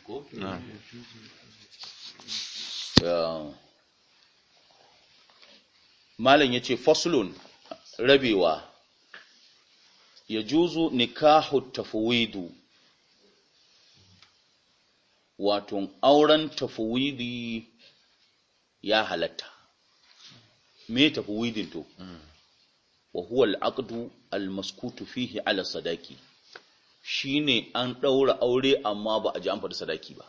hadisi ya ce yace rabewa ya juzu nikahu tafwidu wato auren tafwidi ya halatta me tafwidin to wa huwa al-aqdu al-maskutu fihi ala sadaki shine an ɗaura aure amma ba a ji an sadaki ba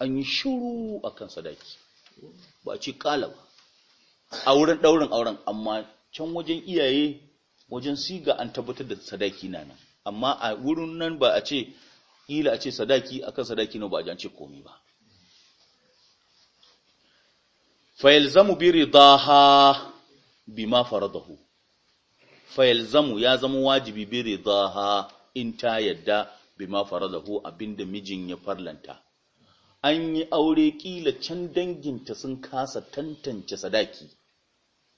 an yi shuru akan sadaki ba a ce ƙala ba a wurin ɗaurin auren amma can wajen iyaye wajen siga an tabbatar da sadaki na nan amma a wurin nan ba a ce ila a ce sadaki akan sadaki na ba a ji ce komi ba fayalzamu bi ridaha bima Fayil zamu ya zama wajibi bi ridaha in ta yadda bima faradahu abinda mijin ya farlanta an yi aure kila can danginta sun kasa tantance sadaki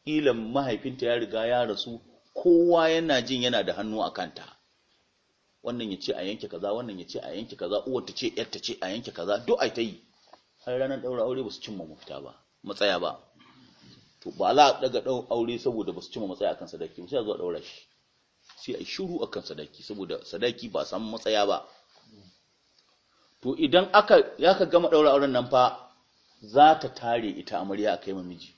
kila mahaifinta ya riga ya rasu kowa yana jin yana da hannu a kanta wannan ya ce a yanke kaza wannan ya ce a yanke kaza uwar ta ce yar ta ce a yanke kaza duk ai ta yi har ranar daura aure ba su cimma mafita ba matsaya ba to ba za a daga daura aure saboda ba su cimma matsaya akan sadaki sai a zo a daura shi sai a shiru kan sadaki saboda sadaki ba san matsaya ba to idan aka ya ka gama ɗaura auren nan fa za ta tare ita amarya a kai miji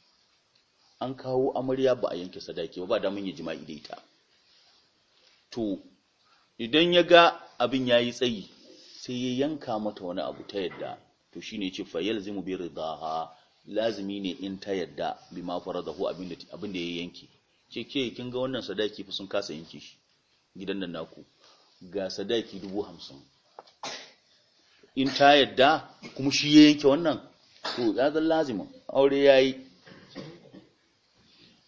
an kawo amarya ba a yanke sadaki ba ba da mun yi jima'i da ita to idan ya ga abin ya yi tsayi sai ya yanka mata wani abu ta yadda to shi shine ce fa mu bi ridaha lazimi ne in ta yadda bima faradahu abin abin da ya yanke ce ke kin ga wannan sadaki fa sun kasa yanke shi gidan nan naku ga sadaki dubu in ta yadda kuma shi ya yanke wannan to ya zan lazima aure ya yi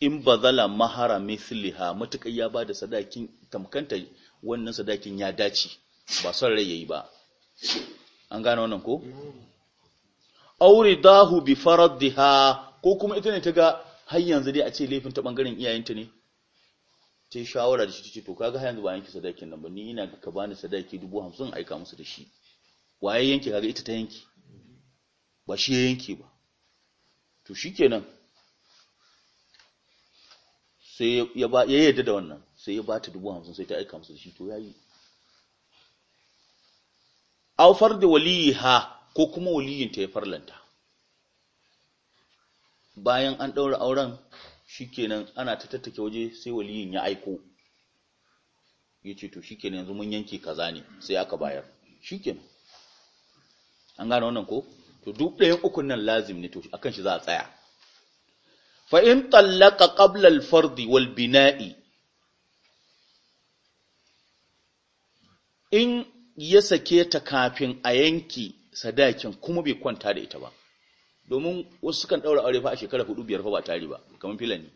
in ba zala mahara misliha matuƙar ya ba da sadakin tamkanta wannan sadakin ya dace ba son rai ya yi ba an gane wannan ko mm. aure dahu bi faraddiha ko kuma ita ne ta ga har yanzu dai a ce laifin ta bangaren iyayenta ne ta yi shawara da shi ce to kaga har yanzu ba yanki sadakin nan ba ni ina ka bani sadaki dubu hamsin aika musu da shi waye yanki kaga ita ta yanki ba shi ya yanki ba to shikenan sai ya ba ya yarda da wannan sai ya ba ta dubu hamsin sai ta aika musu da shi to yayi aufar da waliha ko kuma ta ya farlanta bayan an ɗaura auren shikenan ana ta tattake waje sai waliyin ya aiko Ya ce to shikenan yanzu mun yanke kaza ne sai aka bayar shikenan an gane wannan ko to duk ɗayan ukun nan lazim ne to akan shi za a tsaya fa in tallaqa qabla al-fardi wal bina'i in ya sake ta kafin a yanki sadakin kuma bai kwanta da ita ba domin wasu sukan ɗaura aure fa a shekara hudu biyar fa ba tare ba kamar filani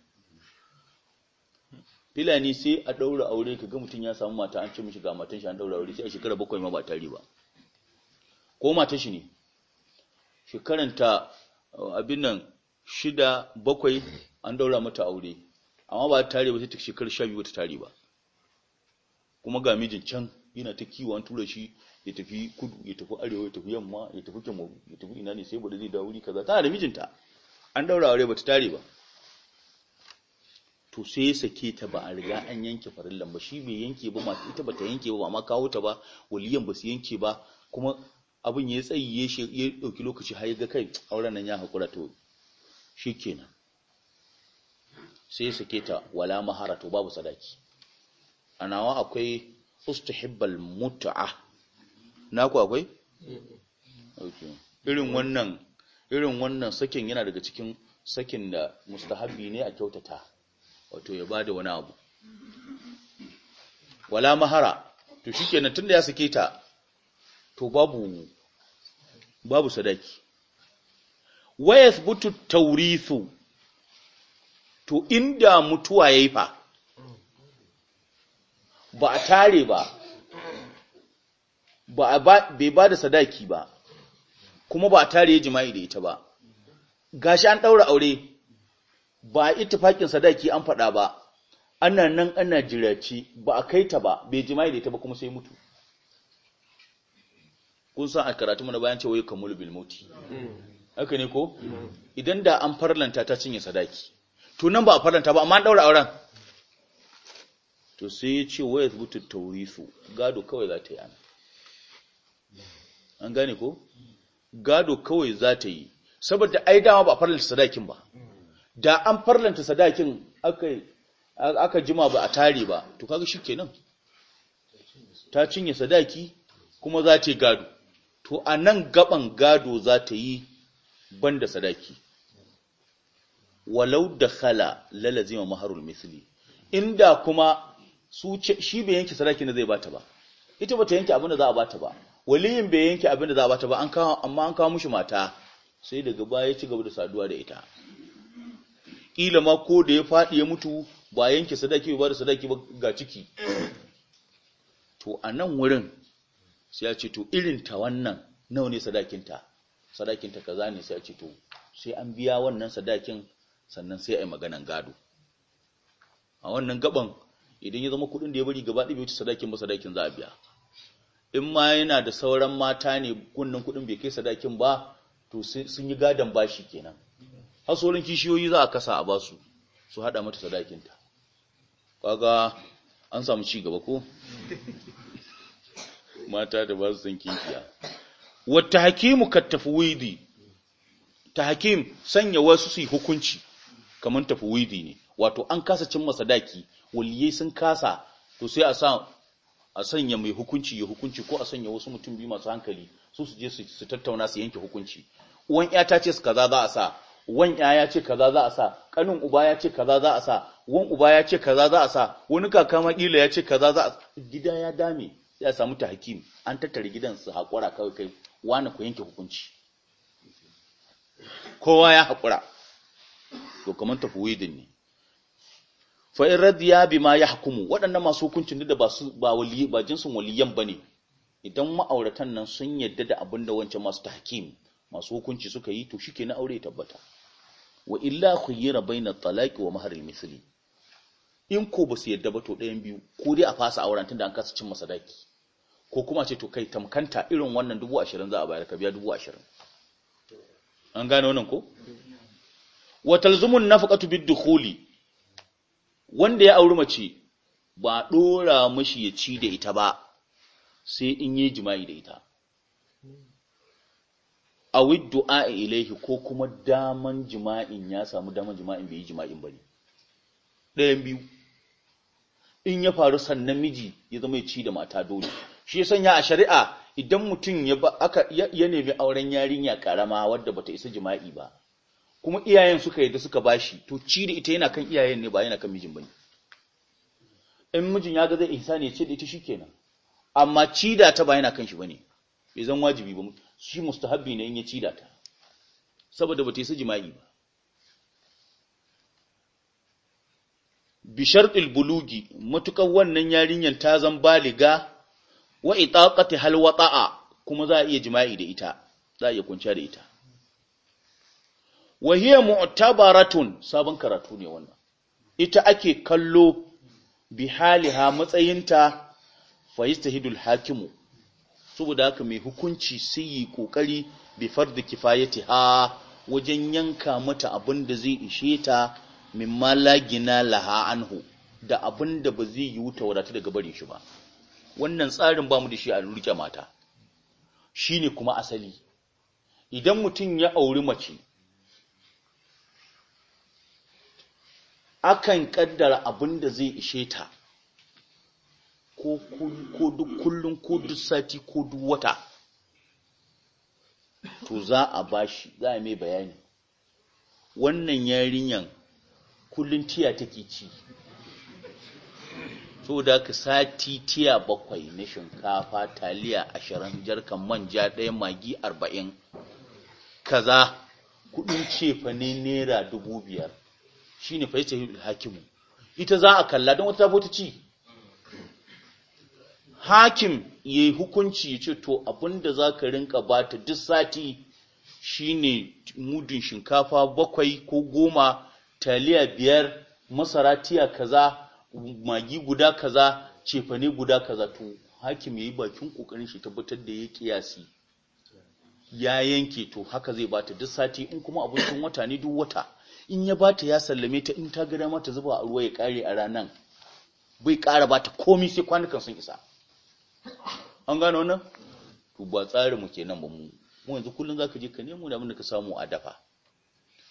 filani sai a ɗaura aure ka ga mutum ya samu mata an ce mishi ga matan shi an ɗaura aure sai a shekara bakwai ma ba tare ba ko matan shi ne ta abin nan shida bakwai an ɗaura mata aure amma ba tare ba sai ta shekara 12 ba ta tare ba kuma ga mijin can yana ta kiwon an tura shi ya tafi kudu ya tafi arewa ya tafi yamma ya tafi kyamau ya tafi ina ne sai ba da zai dawo wuri kaza tana da mijinta an daura aure ta tare ba to sai ya sake ta ba a riga an yanke farillan ba shi bai yanke ba masu ita bata yanke ba ma kawo ta ba waliyan ba su yanke ba kuma abin ya tsayi ya dauki lokaci har ga kai auren nan ya hakura to shikenan sai ya sake ta wala mahara to babu sadaki a nawa akwai ustuhibbal mut'a naku akwai mm-hmm. okay irin wannan irin wannan sakin yana daga cikin sakin da mustahabi ne a kyautata wato ya bada wani abu wala mahara to shikenan tunda ya sake ta to babu babu sadaki wa yathbutu tawrithu to inda mutuwa yayi fa ba a tare ba bai ba da sadaki ba kuma ba a tare ya jima'i da ita ba gashi an ɗaura aure ba a ittifaƙin sadaki an faɗa ba ana nan ana jiraci ba a kai ta ba bai jima'i da ita ba kuma sai mutu kun san a karatu mana bayan cewa yakan kamul bil mauti haka ne ko idan da an farlanta ta cinye sadaki to nan ba a farlanta ba amma an ɗaura auren to sai ya ce waya zubutu taurisu gado kawai za ta yi ana an gane ko gado kawai za ta yi saboda ai dama ba farlanta sadakin ba da an farlanta sadakin aka jima ba a tare ba to kaga nan? ta cinye sadaki kuma za ta yi gado to a nan gaban gado za ta yi banda sadaki walau da khala lalazima maharul misli inda kuma su shi bai yanke sadakin da zai bata ba ita bata yanke abin da za a bata ba waliyin bai yanke abin da za a bata ba an kawo amma an kawo mushi mata sai daga baya ya ci gaba da saduwa da ita kila ma ko da ya faɗi ya mutu ba yanke sadaki ba da sadaki ba ga ciki to a nan wurin sai ya ce to irin ta wannan nawa ne sadakinta sadakinta kaza ne sai ya ce to sai an biya wannan sadakin sannan sai a yi maganan gado a wannan gaban idan ya zama kuɗin da ya bari gaba ɗaya wuce sadakin ba sadakin za a biya in ma yana da sauran mata ne kunnan kuɗin bai kai sadakin ba to sun yi gadon bashi kenan hasolin kishiyoyi za a kasa a basu su haɗa mata sadakinta kaga an samu ci gaba ko mata da ba su san kinkiya wa tahkimu katafwidi tahkim ta sanya wasu su yi hukunci kamar tafwidi ne wato an kasa cin sadaki. waliyai sun kasa to sai a sa a sanya mai hukunci ya hukunci ko a sanya wasu mutum biyu masu hankali su su je su tattauna su yanke hukunci uwan ya ta ce kaza za a sa wan ya ya ce kaza za a sa kanin uba ya ce kaza za a sa wan uba ya ce kaza za a sa wani kaka kila ya ce kaza za a sa gida ya dame sai a samu tahkim an tattare gidan su hakura kawai kai wani ku yanke hukunci kowa ya hakura to kaman tafwidin ne fa in radiya bima yahkumu waɗannan masu hukuncin da ba su ba wali ba jinsin waliyan bane idan ma'auratan nan sun yadda da abinda da wancan masu tahkim masu hukunci suka yi to na aure ya tabbata wa illa khayyira baina talaqi wa mahar al-misli in ko ba su yadda ba to ɗayan biyu ko dai a fasa auren tunda an kasa cin masadaki ko kuma ce to kai tamkanta irin wannan dubu ashirin za a bayar ka biya dubu ashirin an gane wannan ko wa talzumun nafaqatu bid-dukhuli wanda ya auri mace ba dora mashi ya ci da ita ba sai in yi jima'i da ita a du'a ilaihi ko kuma daman jima'in ya samu daman jima'in bai yi jima'in ba ne biyu in ya faru sannan miji ya zama ya ci da mata dole shi ya sanya a shari'a idan mutum ya nemi auren yarinya karama wadda bata isa jima'i ba kuma iyayen suka yi da suka bashi to ci da ita yana kan iyayen ne ba yana kan mijin bane in mijin ya ga zai ihsani ya ce da ita shikenan amma ci da ta ba yana kan shi bane bai zan wajibi ba shi mustahabbi ne in ya ci da ta saboda ba ta yi su jima'i ba bi shartil bulugi matukan wannan yarinyar ta zan baliga wa itaqati hal wata'a kuma za a iya jima'i da ita za a iya kwanciya da ita wa hiya mu'tabaratun sabon karatu ne wannan ita ake kallo bi haliha matsayinta fa yastahidul hakimu saboda haka mai hukunci sai yi kokari bi fardu kifayati ha wajen yanka mata abin da zai ishe ta min malagina laha anhu da abin da ba zai yi wuta wadata daga barin shi ba wannan tsarin ba mu da shi a rike mata shine kuma asali idan mutum ya auri mace akan kaddara abin da zai ishe ta ko duk kullum ko duk sati ko duk wata to za a bashi za a mai bayani wannan yarinyan kullum tiya take ci so da ka sati tiya bakwai na shinkafa taliya ashirin jarkan manja ɗaya magi arba'in kaza kudin cefa ne naira dubu biyar shine fa yace hakimu ita za a kalla don wata tafi ci hakim ya yi hukunci ya ce to abinda za ka rinka ba ta duk sati shine mudun shinkafa bakwai ko goma taliya biyar masara tiya kaza magi guda kaza cefane guda kaza to hakim ya yi bakin kokarin shi tabbatar da ya kiyasi ya yanke to haka zai ba ta duk sati in kuma abincin wata ne duk wata in ya bata ya sallame ta in ta gada mata zuba a ruwa ya kare a ranan bai kara bata komi sai kwanukan sun isa an gano nan to ba tsarin mu nan ba mu mu yanzu za zaka je ka nemo da abin da ka samu a dafa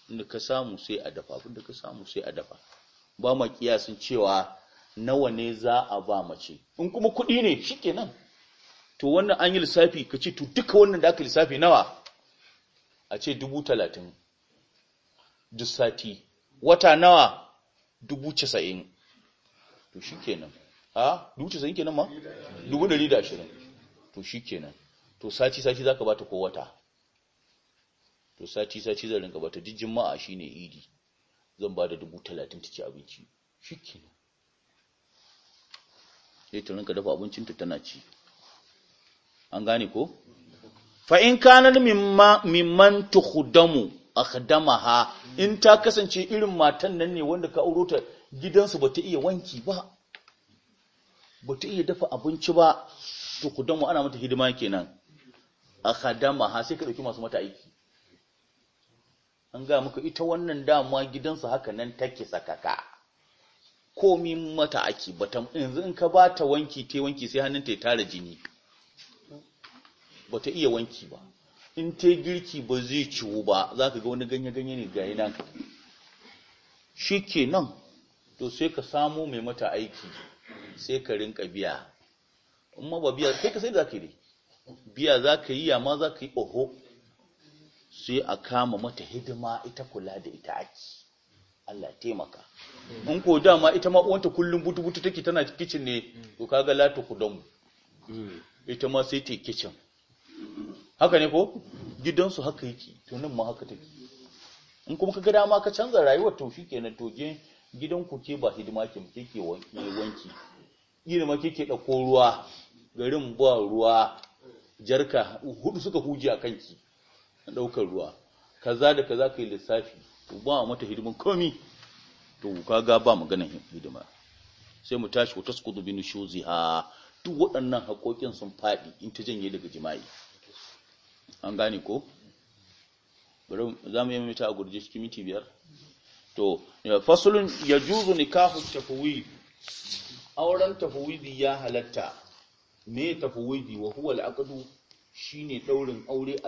inda ka samu sai a dafa abin da ka samu sai a dafa ba ma kiyasin cewa nawa ne za a ba mace in kuma kuɗi ne shi ke nan. to wannan an yi lissafi ka ce to duka wannan da aka lissafi nawa a ce dubu talatin duk sati wata nawa dubu casa'in to shi kenan a dubu casa'in kenan ma dubu dari da ashirin to shi kenan to sati sati za ka bata ko wata to sati sati zan rinka bata jijjin ma'a shi ne idi zan ba da dubu talatin ta ci abinci shi kenan sai ta rinka dafa abincinta tana ci an gane ko fa'in kanar mimman tuhudamu akhdamaha in ta kasance irin matan nan ne wanda ka auro ta gidansu bata iya wanki ba bata iya dafa abinci ba to ku damu ana mata hidima kenan akhdamaha sai ka dauki masu mata aiki an ga muku ita wannan dama gidansu haka nan take sakaka komi mata ake bata yanzu in ka bata wanki te wanki sai hannunta ya tara jini bata iya wanki ba in ta girki ba zai ciwo ba za ka ga wani ganye-ganye ne ga nan shi ke nan to sai ka samu mai mata aiki sai ka rinka biya in ma ba biya sai ka sai za ka yi biya za ka yi yamma za ka yi oho sai a kama mata hidima ita kula da ita aki Allah taimaka in ko dama ita ma uwanta kullum butu-butu take tana kicin ne to kaga Lato kudanmu mm. ita ma sai ta kicin haka ne ko gidansu haka yake to nan ma haka take in kuma kaga dama ka canza rayuwar to shikenan to je gidan ku ke ba hidima ke mu ke wanki wanki ke da ko ruwa garin ba ruwa jarka hudu suka huje a kanki daukar ruwa kaza da kaza kai lissafi to ba mata hidiman komi to kaga ba maganar hidima sai mu tashi wa tasqudu bi duk waɗannan haƙoƙin sun faɗi in ta janye daga jima'i an gane ko za mu yi mita a gurje cikin miti biyar to fasulun ya juzu nikahu tafuwi auren tafwidi ya halatta me tafwidi wa huwa shine daurin aure